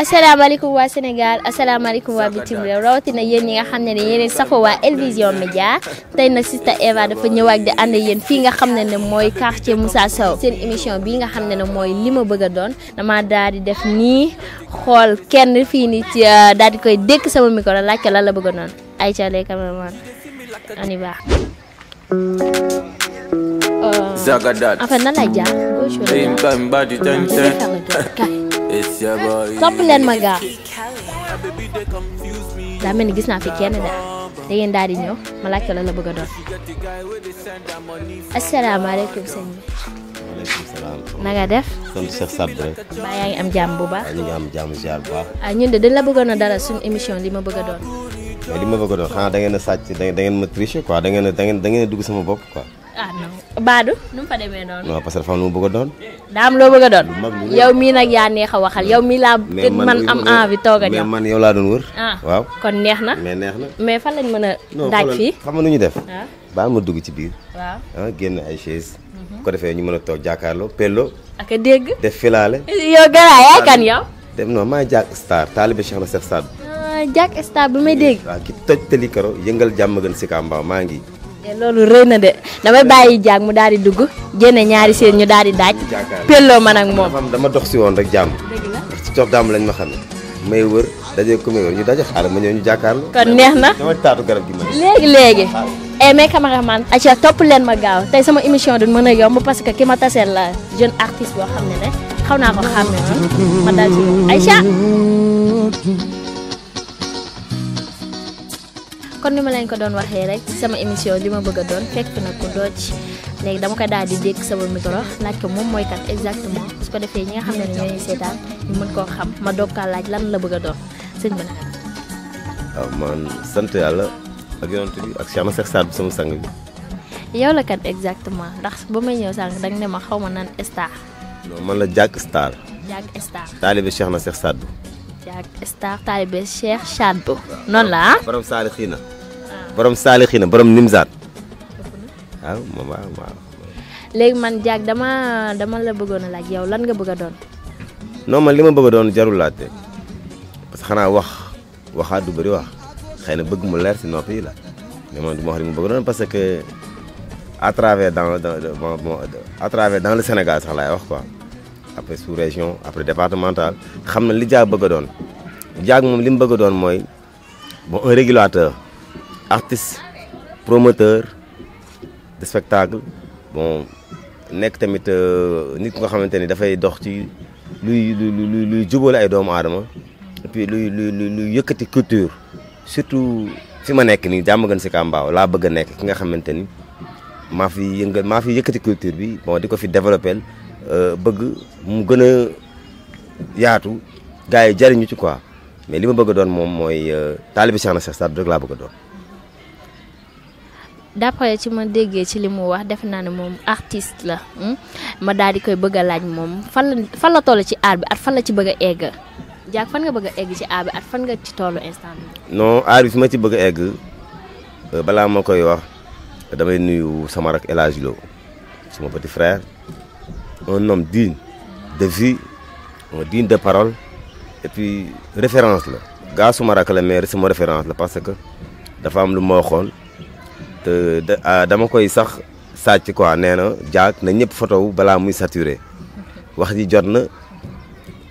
asalaamaaleykum waa Sénégal asalaamaaleykum wa bitim réew rawatina yeen yi nga xamne ni yeen safo wa elvision media tay na sister Eva dafa ñëwaat di ande yeen fi nga xamne ne moy quartier Moussa Sow seen émission bi nga xamne ne moy lima li bëgg doon dama daal def ni xol kenn fi ni ci euh, daal koy dekk sama micro laaj ko lan la bëgg a doon ay ca cameraman ani ba Zagadat. Apa nana dans la gare. Time, time, body, time, time. topp len ma gaaw daa mel ni gis naa fi kenn daal da ngeen daal di ñëw ma laajte la la bëgg a doon asalaamaaleykum sëñ bi. salaam. na nga def. sant Cheikh Sadd ngi am jàmm bu baax. Ah, ñu ngi am jàmm ziar bu baax. de dañ la bëggoon a dara suñu émission li ma a doon. mais li ma a doon xanaa da ngeen a sàcc da ma tricher quoi da ngeen da sama bopp quoi. ah non Badou. nu mu fa demee noonu. non parce que dafa mu bëgg doon. daa loo bëgg doon. yow mii nag yaa neex a waxal yow mii laa. gën man am envie toog a yow laa doon wër. Ah, waaw kon neex na. mais neex na mais fan lañ mën a. daaj fii xam nga def. waaw ah. ma dugg ci biir. waaw ah, génn ay chaise. bu mhm. ko defee ñu mën a toog jàkkaarloo pello. ak a dégg. def filaale. yow garaay yaay kan yow. dem non maa jàkk star taalibe Cheikh na Cheikh Saad. ah star bu may dégg. waaw ki toj tali karo yëngal jàmm gën si Kamba maa ngi Eh, loolu rëy na de damay bàyyi jaag mu daal di dugg génne ñaari seen ñu daal di daaj. pelloo man ak moom dama dox si woon rek jàmm. dëgg la ndax si coob lañ ma xam ne may wër daje ku may wër ñu daje xaaral ma ñëw ñu jàkkaarloo. neex na dama taatu garab gi léegi léegi. et mes caméramans topp leen ma gaaw tey sama émission du mën a yomb parce que ki ma taseel la jeune artiste boo xam ne ne xaw naa ko xàmme ma daal di Aïcha kon ni malen ko don waxe rek sama émission li ma bëgg a fekk na ko doj leg dama ko daal di dégg sama micro laaj ko moom mooy kan exactement su ko defee ñi nga xam ñoy ñoo ñu mën ko xam ma do ka laaj lan la bëgg a señ sëñ bi man sante yalla ak yonent bi ak Cheikh cheikh Saad sama sang bi yow la kat exactement ndax bu may ñew sang dag ne ma xawma nan star non man la jak Star jak Star taalibe Cheikh na cheikh Saad Jack Star talibé Cheikh Saad bu noonu la ah borom saalixiina borom Saalixina borom Nimzaat waaw moom waaw waaw. léegi man Diack dama dama la bëggoon a laaj yow lan nga bëgg a doon. non ma li ma bëgg doon jarul laajte parce que xanaa wax waxaat du bëri wax xëy na bëgg mu leer si noppi yi la mais man du ma wax li ma bëgg doon parce que à travers dans à travers dans le Sénégal sax laay wax quoi après sous région après départemental xam na li jaa bëgg doon Diack moom li mu bëgg a doon mooy bon un régulateur. artiste promoteur de spectacle bon nek tamit euh, nit ko xamanteni da fay dox ci luy luy luy djubol ay doomu adama et puis luy luy luy yëkkati culture surtout fi ma nekk nii jàmm gën ci kambaaw la bëgg nek ki nga xamanteni ma fi yëngal ma fi yëkkati culture bi bon diko fi développer euh bëgg mu gëna yaatu gaay jariñu ci quoi mais lima bëgg doon mom moy euh, taalibi Cheikh na Cheikh Saad rek la bëgg doon d'après ci ma déggee ci li mu wax def naa ne moom artiste la hmm? ma daal di koy bëgg a laaj moom fan la fan la toll ci aar bi at fan la ci bëgg a egg jaag fan nga bëgg egg ci aar bi at fan nga ci tollu instant bi. non aar bi fi ma ci bëgg a egg euh, balaa ma koy wax damay nuyu sama rak El Hadj Lo sama petit frère un homme digne de vie digne de parole et puis référence la. gaa suma rak la mais sama référence la parce que dafa am lu ma waxoon. te ah, dama koy sax sàcc quoi nee na jaak na ñëpp photo balaa muy saturé wax ji jot na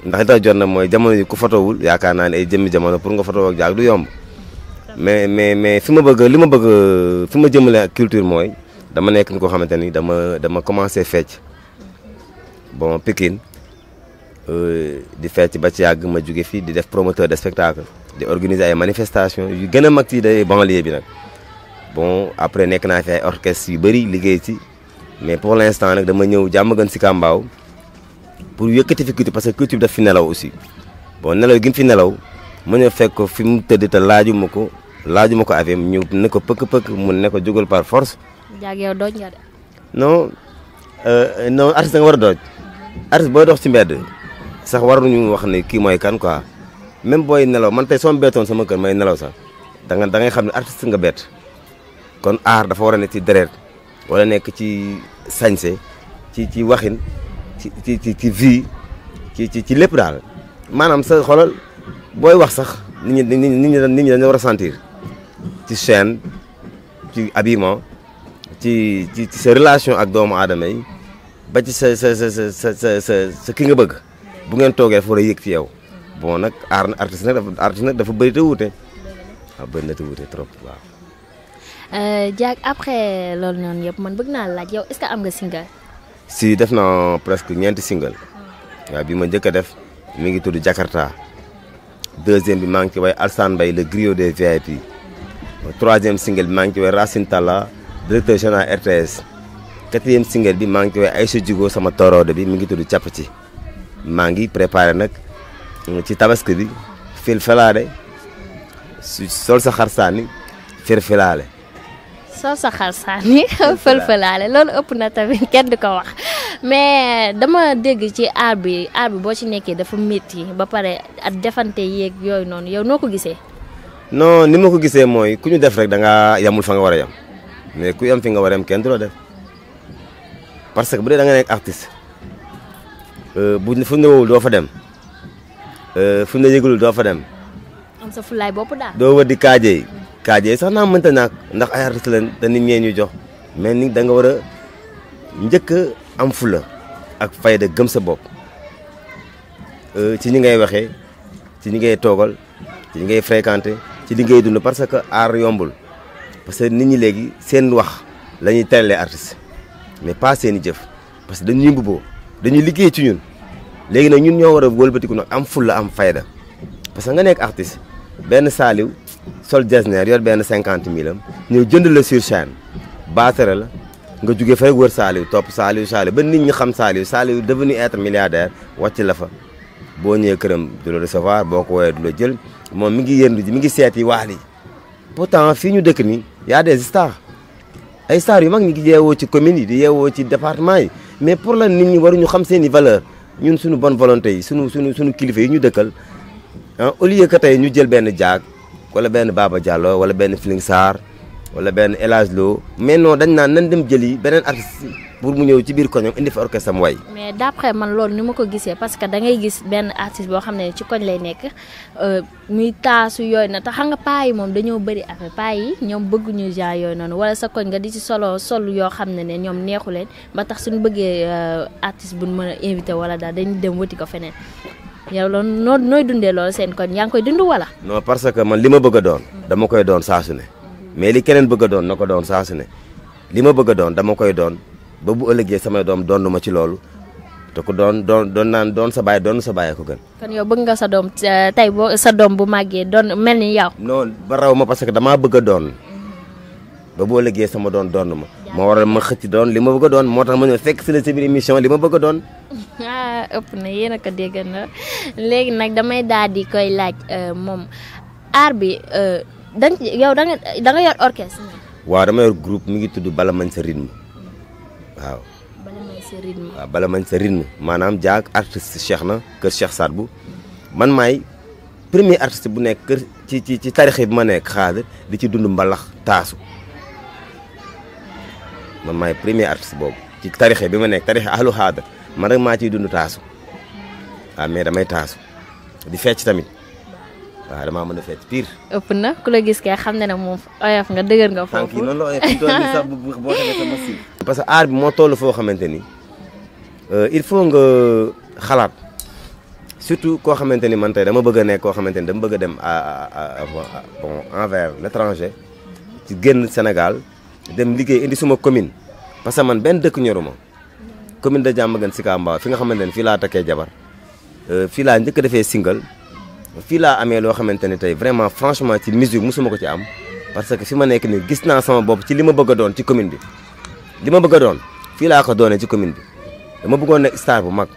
ndax li tax jot na mooy jamono yi ku fotowul yaakaar naa ne ay jëmmi jamono pour nga foto ak jaak du yomb mais mais mais fi ma bëgg li ma bëgg fi ma jëmale ak culture mooy dama nekk ni ko xamante ni dama dama commencé fecc bon Pikine euh, di fecc ba ci yàgg ma juge fii di def promoteur de spectacle di organiser ay manifestation yu gën a mag ci day banlieue bi nag bon après nek na fi ay orchestre yu bari liggéey ci mais pour l'instant nak dama ñëw jàmm gën ci kambaaw pour yëkëti fi culture parce que culture daf fi nelaw aussi bon nelaw gi fi nelaw ma ñu fekk ko fi mu tëdd te laaju ma ko laaju ma avem ñu ne ko pëkk pëkk mu ne ko jógal par force. jaag yow doñ ya de. non euh, non artiste nga war doj artiste boy dox ci mbedd sax ñu wax ne ki moy kan quoi même boy nelaw man tay son béton sama kër may nelaw sax da nga da ngay xamni artiste nga bett. kon aar dafa war a nekk ci deret wala nekk ci sañse ci ci waxin ci ci ci ci vie ci ci ci lépp daal maanaam sa xolal booy wax sax nit ñi nit ñi nit ñi dañu war a sentir ci chaîne ci habillement ci ci sa relation ak doomu aadama yi ba ci sa sa sa sa sa sa ki nga bëgg bu ngeen toogee dafa war a yëg ci yow bon nag aar na artiste nag dafa artiste nag dafa bëri te wuute waaw bëri na te wuute trop waaw. Diag eh, après loolu noonu yëpp man bëgg naa laaj yow est ce que am nga single. si def naa presque ñeenti single. waaw bi ma njëkk a def mi ngi tudd Jakarta. deuxième bi maa ngi ci way Alsane Mbaye le griot des VIP. troisième single bi maa ngi ci way Racine Talla directeur général RTS. quatrième single bi maa ngi ci way Aïcha Djigo sama toroode bi mi ngi tudd Càpp ci. maa ngi préparé nag mm, ci tabaski bi fil felaade sol sa xarsaani fir felaale soo saxal sànni fël-fëlaale loolu ëpp na tamit kenn du ko wax mais dama dégg ci aar bi boo ci nekkee dafa métti ba pare at defante yeeg yooyu noonu yow noo ko gisee. non ni ma ko gisee mooy ku ñu def rek da ngaa yamul fa nga war a yam mais ku yam fi nga war a yam kenn du la def parce que bu dee da nga nekk artiste euh, bu fu ñu la doo fa dem euh, fu ñu la yëgalul doo dem. sa fulaay bopp daa doo wër di kaajee. kaaje sax naa mënta naag ndax ay artiste lañ te nit ñee ñu jox mais ni danga nga war a njëkk a am fula ak fayda gëm sa bopp euh, ci ñi ngay waxee ci ñi ngay toogal ci ñi ngay fréquenté ci li ngay dund parce que aar yombul parce que nit ñi léegi seen wax lañuy tele terelee artiste mais pas seen i jëf parce que dañuy mbubboo dañuy liggéey ci ñun léegi nag ñun ñoo war a wëlbatiku nag am fula am fayda parce que nga nekk artiste benn saaliw sol desner yor ben 50 milam ñu jënd le sur chaine baatara la nga joggé fay wër saliw top saliw saliw ba nit ñi xam saliw saliw devenu être milliardaire wàcc la fa bo ñëw kërëm du la recevoir boko wé du la jël mom mi ngi yëndu ji mi ngi séti waal yi pourtant fi ñu dëkk ni ya des stars ay stars yu mag ñi ngi yéwo ci commune yi di yéwo ci département yi mais pour la nit ñi waru ñu xam seen valeur ñun suñu bonne volonté yi suñu suñu suñu kilifa yi ñu dëkkal ah au lieu que tay ñu jël ben jaak wala benn Baba Diallo wala benn Feeling Sarr wala benn El Hadj Lo mais non dañ naan nan dem jëli beneen artiste pour mu ñëw ci biir koñam indi fa orchestre am way mais d'après man loolu ni ma ko gisee parce que da gis benn artiste boo xam ne ci koñ lay nekk euh, muy taasu yooyu na te xam nga paa yi moom dañoo bëri affaire paa yi ñoom bëgguñu genre yooyu noonu wala sa koñ nga di ci solo sol yoo xam ne ne ñoom neexu leen ba tax suñu bëggee bu euh, buñ mën a invité wala daal dañu dem wuti ko feneen yow loon noo nooy dundee loolu seen kon yaa ngi koy dund wala. non parce que man li ma bëgg a doon. dama koy doon saa su ne. mais li keneen bëgg doon na ko doon saasu su ne li ma bëgg doon dama koy doon ba bu ëllëgee samay doom doon ma ci loolu te ku doon doon doon naan doon sa baay doon sa baay ko gën. kon yow bëgg nga sa doom euh, tey boo sa doom bu màggee doon mel ni yow. non ba raw ma parce que damaa bëgg a doon. ba bo liggéey sama doon doon ma ma waral ma xëc doon lima bëgg doon moo tax ma ñu fekk ci la si émission lima bëgg doon ah ëpp na yéena ko déggal na légui nak damay daal di koy laaj euh mom ar bi euh da yow da nga da nga yor orchestre wa dama yor groupe mi ngi tuddu bala mañ sa rythme waaw bala mañ sa rythme wa bala mañ sa rythme manam jaak artiste Cheikh na keur Cheikh sarbu man may premier artiste bu nek kër ci ci ci tarikh bi ma nek xaadir di ci dund mbalax tasu man maay premier artiste boobu ci tarixe bi ma nekk tarixe ahlu xaada man rek maa ciy dund taasu waaw ah, mais damay taasu di fecc tamit waaw dama mën a fecc pire. ëpp na ku la gis kay xam na ne moom oyof nga dëgër nga. foofu tànk noonu la oyof sax boo xamee sama si. parce que aar bi moo toll foo xamante ni euh, il faut nga xalaat surtout koo xamante ni man tey dama bëgg a nekk koo xamante ni dama bëgg a dem à bon envers l' étranger ci génn Sénégal. dem liggéey indi suma commune parce que man ben dëkk ñoruma commune de Diamaguène Sicap Mbao fi nga xamantene fi la také jabar jabar euh, fi la ñëk défé single fi la amé lo xamantene tay vraiment franchement ci musique musuma ko ci am parce que fi ma nekk gis na sama bop ci lima bëgg doon ci commune bi lima bëgg doon fi la ko doone ci commune bi dama bëggoon nek star bu mag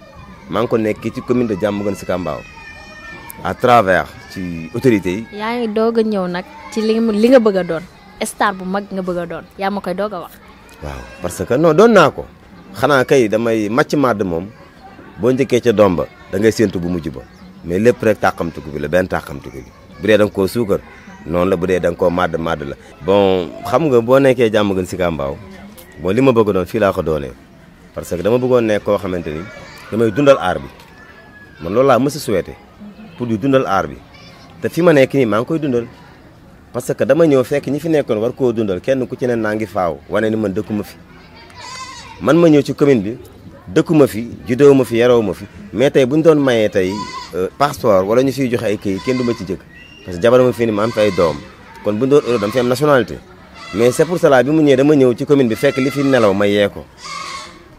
maa ngi ko nek ci commune de à travers ci autorité yaay doga ci li nga bëgg doon star bu mag nga bëgg doon ya ma koy doga wax waaw parce que non doon naa ko xana kay damay match mad mom bo njëkkee ci domba da ngay sentu bu mujj ba mais lepp rek ko bi la takamtu ko bi bu dé dang ko sugar non la bu dé dang ko mad mad la bon xam nga bo nekkee jamm gën ci gambaaw bo lima bëgg doon fi la ko doone parce que dama bëggoon nekk koo xamante ni damay dundal aar bi man loolu laa mës souhaité pour di dundal aar bi te fi ma nekk nii maa ngi koy dundal parce que dama ñëw fekk ñi fi nekkoon war koo dundal kenn ku ci ne naa ngi faaw wane ni man dëkkuma fi man ma ñëw ci commune bi dëkkuma fi juddoo ma fi yarawuma fi mais tey bu ñu doon mayee tey euh, passeport wala ñu fiy joxe ay këyit kenn du ma ci jëg parce que jabar fi ni ma am fi ay doom kon bu ñu doon Europe dama fi am nationalité mais c'est pour cela bi mu ñëwee dama ñëw ci commune bi fekk li fi nelaw ma yee ko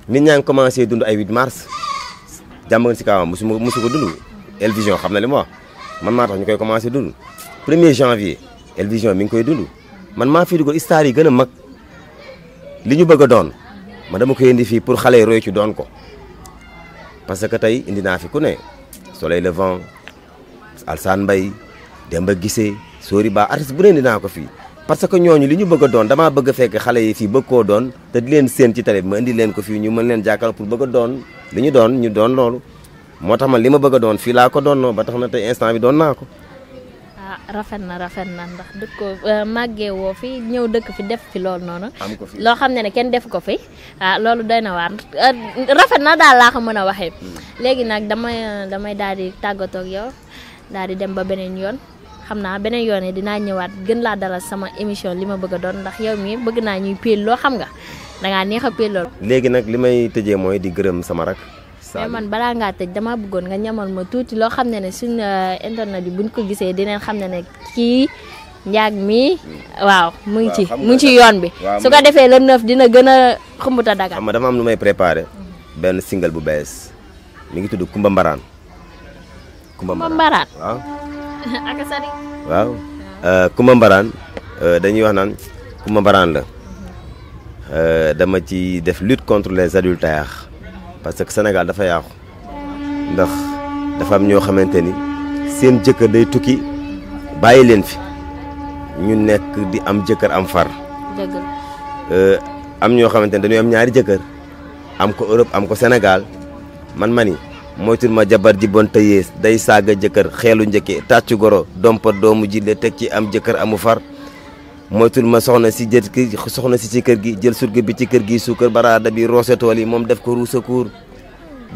nit ñaa ngi commencé dund ay 8 mars jàmm si kawam musu ko dund El Vision xam na li ma wax man maa tax ñu koy commencé dund 1er janvier Elvision mi ngi koy dund man maa fii dugal star yi gën a mag li ñu bëgg doon ma dama koy indi fii pour xale yi roy ci doon ko parce que tey indi naa fi ku ne Soleil Levant Alsane Mbaye Demba Guissé Sori Ba artiste bu ne indi naa ko fii parce que ñooñu li ñu bëgg doon dama bëgg a fekk xale yi fii bëgg koo doon te di leen séen ci télé indi leen ko fii ñu mën leen jàkkaarloo pour bëgg doon li ñu doon ñu doon loolu moo tax ma li ma bëgg doon fii laa ko doon ba tax na tey instant bi doon naa ko ah rafet na rafet na ndax dëkk ko euh, màggee woo fi ñëw dëkk fi def fi lool noonu. loo xam ne ne kenn def ko fi ah loolu doy na waar euh, rafet na daal laa ko mën a waxee. Hmm. léegi nag damay damay daal di tàggatoog ak yow daal di dem ba beneen yoon. xam naa beneen yoon dinaa ñëwaat gën laa dalal sama émission li ma bëgg a doon ndax yow mii bëgg naa ñuy peel loo xam nga dangaa neex a peel lool. léegi nag li may tëjee mooy di gërëm sama rak mais man balaa ngaa tëj dama bëggoon nga ñamal ma tuuti loo xam ne ne suñ euh, internet yi buñ ko gisee dinañ xam ne ne kii njaag mi mm. waaw mu ngi ci mu ngi ci yoon bi su ko defee le neuf dina gën a xumbuta daga xam nga dama am lu may préparé mm. benn single bu bees mi ngi tudd Kumba Mbaraan Kumba Mbaraan waaw ak sari waaw mm. euh, Kumba Mbaraan euh, dañuy wax naan Kumba Mbaraan la mm-hmm. dama ci def lutte contre les adultères parce que Sénégal dafa yaaxu ndax dafa am ñoo xamante ni seen jëkkër day tukki bàyyi leen fi ñu nekk di am jëkkër am far. Euh, am ñoo xamante ni dañuy am ñaari jëkkër am ko Europe am ko Sénégal man ma ni moytul ma jabar ji bon tëyees day saaga jëkkër xeelu njëkkee tàccu goro dompa doomu jille teg ci am jëkkër amu far. moytul ma soxna si jël ki soxna si ci kër gi jël surga bi ci kër gi suukar baraada bi roose tool yi moom def ko ruu secours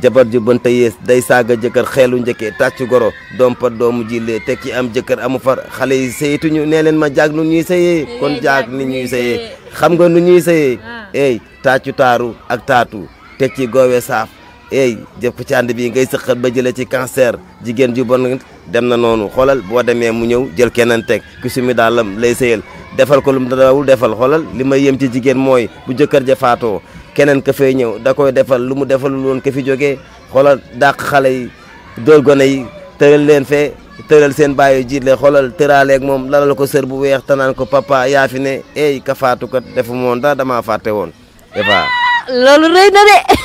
jabar ju bënta yees day saaga jëkkër xeelu njëkkee tàccu goro doom pat doomu jillee teg ci am jëkkër amu far xale yi saytuñu nee leen ma jaag nu ñuy sayee eh, kon jaag ni ñuy sayee xam nga nu ñuy sayee ah. ey tàccu taaru ak taatu teg ci goowe saaf ey jëf ko ci ànd bi ngay sëqat ba jëlee ci cancer jigéen ju bon dem na noonu xoolal boo demee mu ñëw jël keneen teg ku sumi daalam lay defal ko lu mu daawul defal xoolal li may yem ci jigéen mooy bu jëkkër ja faatoo keneen ka fay ñëw da koy defal lu mu defalul woon ka fi jógee xoolal dàq xale yi dóor gone yi tëral leen fee tëral seen bàyyi jiit le xoolal tëraaleeg moom lalal ko sër bu weex tanaan ko papa yaa fi ne ey ka faatu kat defu moon da damaa fàtte woon Eva loolu rëy na de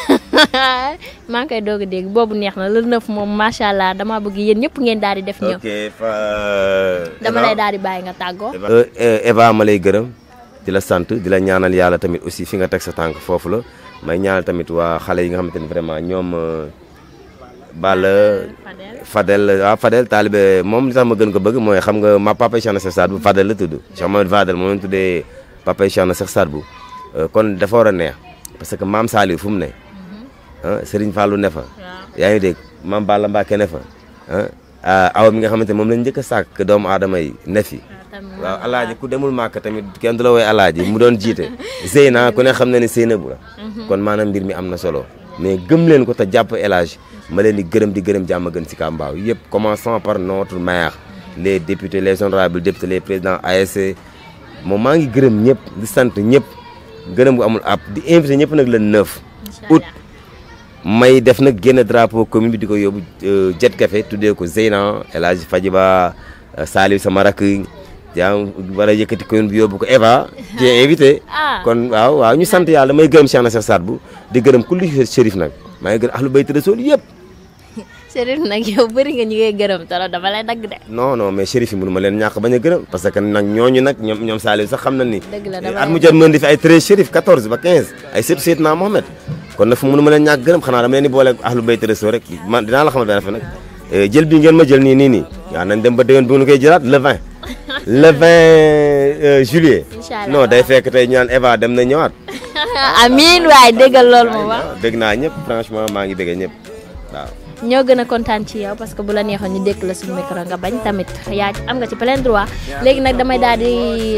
maa ngi koy doog a dégg boobu neex na le neuf moom macha allah dama bëgg yéen ñëpp ngeen daal di def ñëw. ok dama lay daal di bàyyi nga tàggoo. Euh, euh, Eva ma lay gërëm di la sant di la ñaanal yàlla tamit aussi fi nga teg sa tànk foofu la may ñaanal tamit waa xale yi nga xamante ni vraiment ñoom. Euh, Fadel ah Fadel talibé moom li tax ma gën ko bëgg mooy xam nga ma papa Cheikh Nasser Sadou Fadel la tudd Cheikh Mohamed Fadel moo leen tuddee papa Cheikh Nasser Sadou kon dafa war a neex parce que maam Saliou fu ne ah Serigne Fallou nefa fa. yaa ngi dégg Mame Balla Mbacke ne fa ah, ah, aw mi nga xamante moom lañ njëkk a sàkk doomu aadama yi ne fi. Ah, waaw alaaji ku demul màkk tamit kenn du la woy alaaji mu doon jiite naa ko ne xam na ne Seyna bu la mhm. kon maanaam mbir mi am na solo mais gëm leen ko te jàpp élage ma leen di gërëm di gërëm jàmm gën si kàmbaaw yëpp commençant par notre maire les députés les honorables députés les présidents ASC moom maa ngi gërëm ñëpp di sant ñëpp gërëm gu amul ab di invité ñëpp nag le 9 août may def nag génn drapeau commune bi di ko yóbbu euh, jet café tuddee ko Zeyna El Hadj Fadiba euh, Salif sama rakk yaa wala yëkkati commune bi yóbbu ko Eva ci invité ah. kon waaw ñu sant yàlla may gërëm Cheikh na Cheikh Saad bu di gërëm kulli Chérif nag maa ngi gërëm ahlu bayt rasul yëpp Chérif nag yow bëri nga ñu ngay gërëm talo dama lay dagg de non non mais Chérif yi mënu ma leen ñàkk bañ a gërëm parce que nag ñooñu nag ñoom ñoom Salif sax xam na ni eh, at mu jot mën di fi ay 13 Chérif 14 ba kon nag fu mënu ma leen ñàkk gërëm xanaa dama leen di boole ahlu bayt rasul rek man dinaa la xamal benn affaire eh, jël bi ngeen ma jël nii nii nii waaw nañ dem ba déwén bi ngeen koy jëlaat le 20 le 20 euh, juillet day fekk tey ñu naan Eva dem na ñëwaat amiin waay déggal loolu moom ah. wax dégg naa ñëpp franchement maa ngi dégg ñëpp ñoo gën a kontaan ci yow parce que bu la neexoon ñu dékk la suñu micro nga bañ tamit yaa am nga ci plein waa léegi nag damay daal di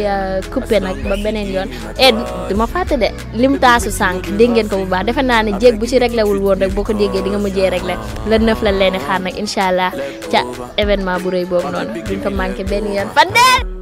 euh, couper nag ba beneen yoon et eh, du ma fàtte de lim taasu sànq dégg ngeen ko bu baax defe naa ne jéeg bu ci réglé wul woon rek boo ko déggee di nga mujjee réglé le neuf la leen xaar nag incha allah ca événement bu rëy boobu noonu duñ ko manqué benn yoon fan